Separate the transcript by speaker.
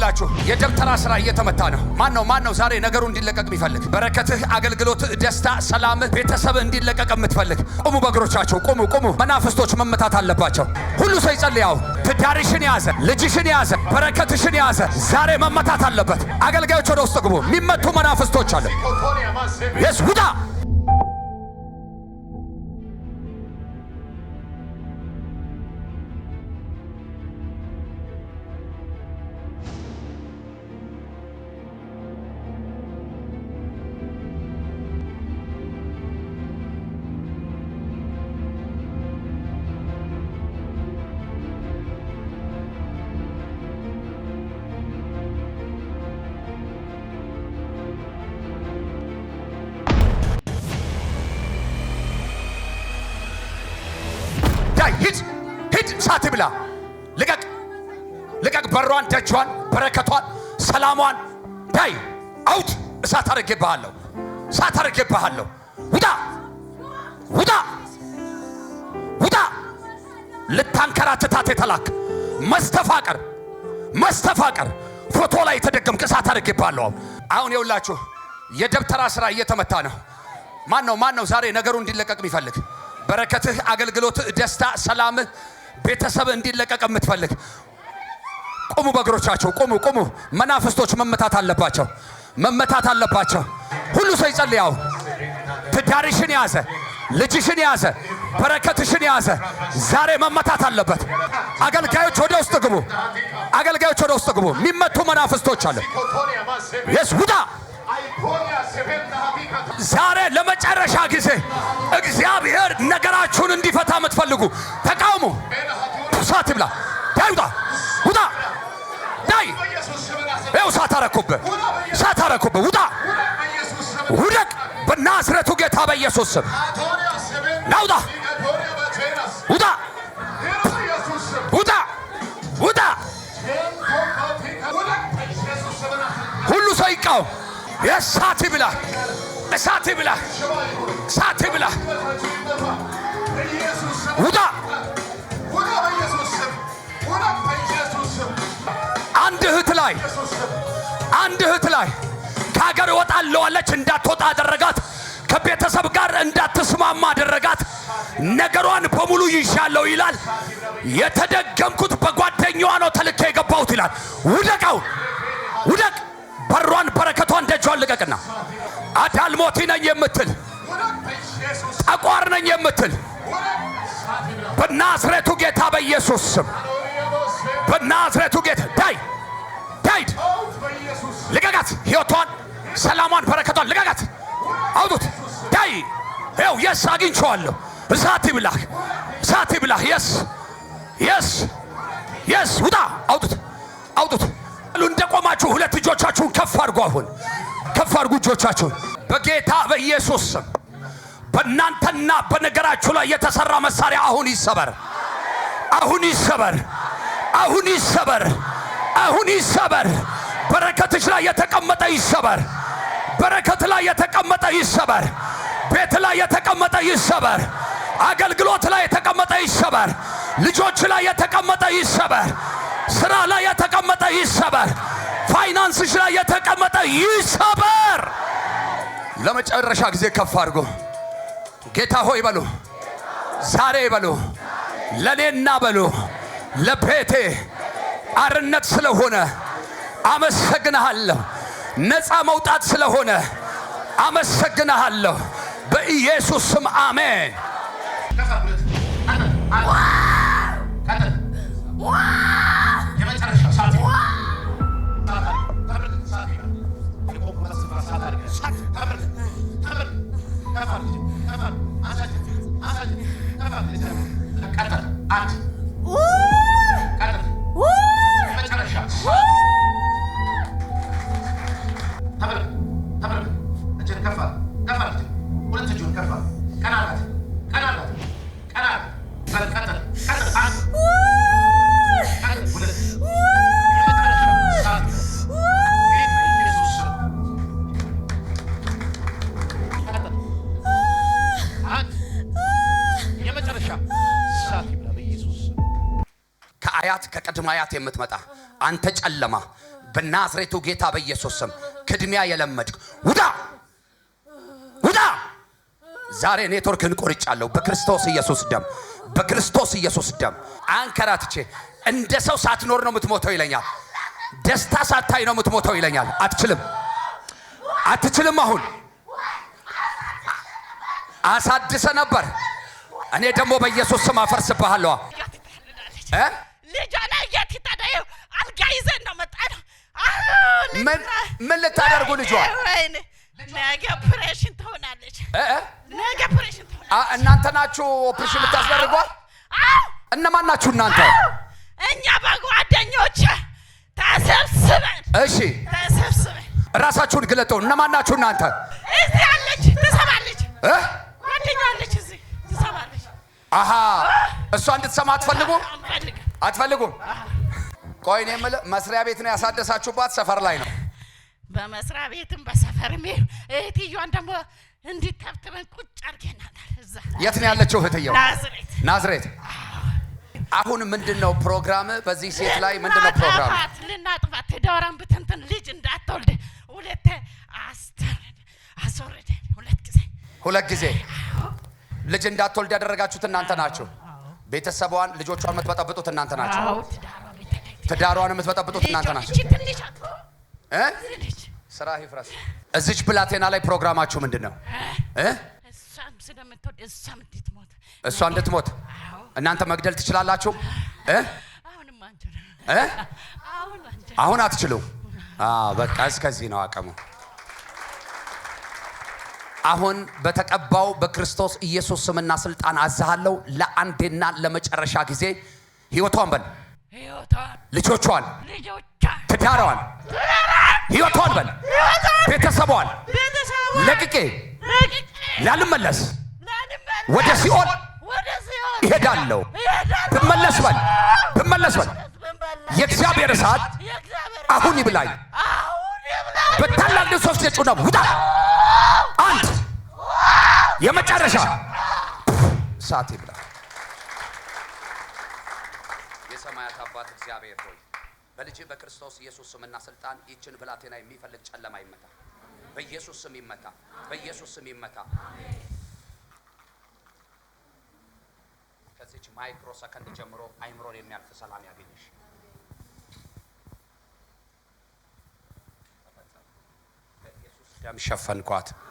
Speaker 1: ይውላችሁ የደብተራ ስራ እየተመታ ነው። ማን ነው ማን ነው ዛሬ ነገሩ እንዲለቀቅ የሚፈልግ በረከትህ፣ አገልግሎትህ፣ ደስታ፣ ሰላምህ፣ ቤተሰብህ እንዲለቀቅ የምትፈልግ ቁሙ፣ በእግሮቻቸው ቁሙ፣ ቁሙ። መናፍስቶች መመታት አለባቸው። ሁሉ ሰው ይጸልያው። ትዳርሽን የያዘ ልጅሽን የያዘ በረከትሽን የያዘ ዛሬ መመታት አለበት። አገልጋዮች ወደ ውስጥ ግቡ። የሚመቱ መናፍስቶች አለ የስ ውጣ በፍጹም ሳትብላ ልቀቅ፣ ልቀቅ። በሯን፣ ደጇን፣ በረከቷን፣ ሰላሟን ዳይ አውት እሳት አድርጌብሃለሁ፣ እሳት አድርጌብሃለሁ። ውጣ፣ ውጣ፣ ውጣ። ልታንከራትታት የተላክ መስተፋቀር፣ መስተፋቀር ፎቶ ላይ የተደገምክ እሳት አድርጌብሃለሁ። አሁን የውላችሁ የደብተራ ስራ እየተመታ ነው። ማን ነው ማን ነው ዛሬ ነገሩ እንዲለቀቅ የሚፈልግ? በረከትህ፣ አገልግሎትህ፣ ደስታ፣ ሰላምህ ቤተሰብ እንዲለቀቅ የምትፈልግ ቁሙ፣ በእግሮቻቸው ቁሙ፣ ቁሙ። መናፍስቶች መመታት አለባቸው፣ መመታት አለባቸው። ሁሉ ሰው ይጸልያው። ትዳርሽን የያዘ ልጅሽን የያዘ በረከትሽን የያዘ ዛሬ መመታት አለበት። አገልጋዮች ወደ ውስጥ ግቡ፣ አገልጋዮች ወደ ውስጥ ግቡ። የሚመቱ መናፍስቶች አለ። የስ ውጣ ዛሬ ለመጨረሻ ጊዜ እግዚአብሔር ነገራችሁን እንዲፈታ የምትፈልጉ ተቃውሙ። ساعات بلا تعالوا دا ودا داي ايو ساعات ركوب ساعات ركوب ودا ودا بالنازرة توجي ثابي يسوس ناودا ودا ودا ودا كل يا ساعات بلا ساعات ودا ላይ አንድ እህት ላይ ከሀገር ወጣለዋለች እንዳትወጣ አደረጋት። ከቤተሰብ ጋር እንዳትስማማ አደረጋት። ነገሯን በሙሉ ይሻለው ይላል። የተደገምኩት በጓደኛዋ ነው ተልኬ የገባሁት ይላል። ውደቀው ውደቅ። በሯን በረከቷን ደጇን ልቀቅና አዳልሞቲ ነኝ የምትል ጠቋር ነኝ የምትል በናዝሬቱ ጌታ በኢየሱስ ስም በናዝሬቱ ጌታ ሰላሟን በረከቷን ልቀቃት፣ አውጡት። ዳይ ይኸው የስ አግኝቼዋለሁ። እሳት ይብላህ፣ እሳት ይብላህ። የስ የስ የስ ውጣ፣ አውጡት፣ አውጡት። እንደቆማችሁ ሁለት እጆቻችሁን ከፍ አድርጉ። አሁን ከፍ አድርጉ እጆቻችሁን በጌታ በኢየሱስ ስም በእናንተና በነገራችሁ ላይ የተሰራ መሳሪያ አሁን ይሰበር፣ አሁን ይሰበር፣ አሁን ይሰበር፣ አሁን ይሰበር። በረከትሽ ላይ የተቀመጠ ይሰበር። በረከት ላይ የተቀመጠ ይሰበር። ቤት ላይ የተቀመጠ ይሰበር። አገልግሎት ላይ የተቀመጠ ይሰበር። ልጆች ላይ የተቀመጠ ይሰበር። ስራ ላይ የተቀመጠ ይሰበር። ፋይናንስሽ ላይ የተቀመጠ ይሰበር። ለመጨረሻ ጊዜ ከፍ አድርጎ ጌታ ሆይ በሉ፣ ዛሬ በሉ፣ ለእኔና በሉ፣ ለቤቴ አርነት ስለሆነ አመሰግንሃለሁ። ነፃ መውጣት ስለሆነ አመሰግናሃለሁ። በኢየሱስ ስም አሜን። ይብላ በኢየሱስ ከአያት ከቅድመ አያት የምትመጣ አንተ ጨለማ በናዝሬቱ ጌታ በኢየሱስ ስም ቅድሚያ የለመድክ ውዳ ውዳ። ዛሬ ኔትወርክን ቆርጫለሁ በክርስቶስ ኢየሱስ ደም፣ በክርስቶስ ኢየሱስ ደም አንከራትቼ። እንደ ሰው ሳትኖር ነው የምትሞተው ይለኛል። ደስታ ሳታይ ነው የምትሞተው ይለኛል። አትችልም፣ አትችልም። አሁን አሳድሰ ነበር እኔ ደግሞ በኢየሱስ ስም አፈርስብሃለሁ።
Speaker 2: ልጇ የት ሂዳ አልጋ ይዘን ነው መጣን።
Speaker 1: ምን ልታደርጉ ልጇ?
Speaker 2: ነገ ኦፕሬሽን ትሆናለች።
Speaker 1: እናንተ ናችሁ ኦፕሬሽን ልታስደርጓል? እነማን ናችሁ እናንተ?
Speaker 2: እኛ በጓደኞች ተሰብስበን። እሺ
Speaker 1: ተሰብስበን፣ ራሳችሁን ግለጠው። እነማን ናችሁ እናንተ?
Speaker 2: እዚህ አለች፣ ትሰማለች፣ ጓደኛ አለች
Speaker 1: አሀ እሷ እንድትሰማ አትፈልጉ አትፈልጉም። ቆይ እኔ የምልህ መስሪያ ቤት ነው ያሳደሳችሁባት? ሰፈር ላይ ነው?
Speaker 2: በመስሪያ ቤትም በሰፈርም። እህትዮዋን ደግሞ እንዲተብትበን ቁጭ አድርጌናል።
Speaker 1: የት ነው ያለችው እህትየው? ናዝሬት። አሁን ምንድን ነው ፕሮግራም? በዚህ ሴት ላይ ምንድን ነው ፕሮግራም?
Speaker 2: ልናጥፋት ደወራን ብትንትን ልጅ እንዳትወልድ ሁለቴ አስተር አስወረደ። ሁለት ጊዜ
Speaker 1: ሁለት ጊዜ ልጅ እንዳትወልድ ያደረጋችሁት እናንተ ናችሁ። ቤተሰቧን ልጆቿን የምትበጠብጡት እናንተ ናችሁ። ትዳሯን የምትበጠብጡት እናንተ ናችሁ። ስራ ይፍረስ። እዚች ብላቴና ላይ ፕሮግራማችሁ ምንድን ነው? እሷ እንድትሞት እናንተ መግደል ትችላላችሁ? አሁን አትችሉ። በቃ እስከዚህ ነው አቅሙ። አሁን በተቀባው በክርስቶስ ኢየሱስ ስምና ስልጣን አዝሃለሁ። ለአንዴና ለመጨረሻ ጊዜ ህይወቷን በል፣ ልጆቿን፣ ትዳሯን፣ ህይወቷን በል፣ ቤተሰቧን ለቅቄ ላልመለስ ወደ ሲኦል ይሄዳለሁ። ብመለስ በል፣ ብመለስ በል፣ የእግዚአብሔር እሳት አሁን ይብላኝ። በታላቅ ድምፅ ውጣ የመጨረሻ እሳት ይብላል። የሰማያት አባት እግዚአብሔር ሆይ በልጅ በክርስቶስ ኢየሱስ ስምና ስልጣን ይችን ብላቴና የሚፈልግ ጨለማ ይመታ፣ በኢየሱስ ስም ይመታ፣ በኢየሱስ ስም ይመታ። ከዚች ማይክሮ ሰከንድ ጀምሮ አይምሮን የሚያልፍ ሰላም ያገኝሽ። ደም ሸፈንኳት።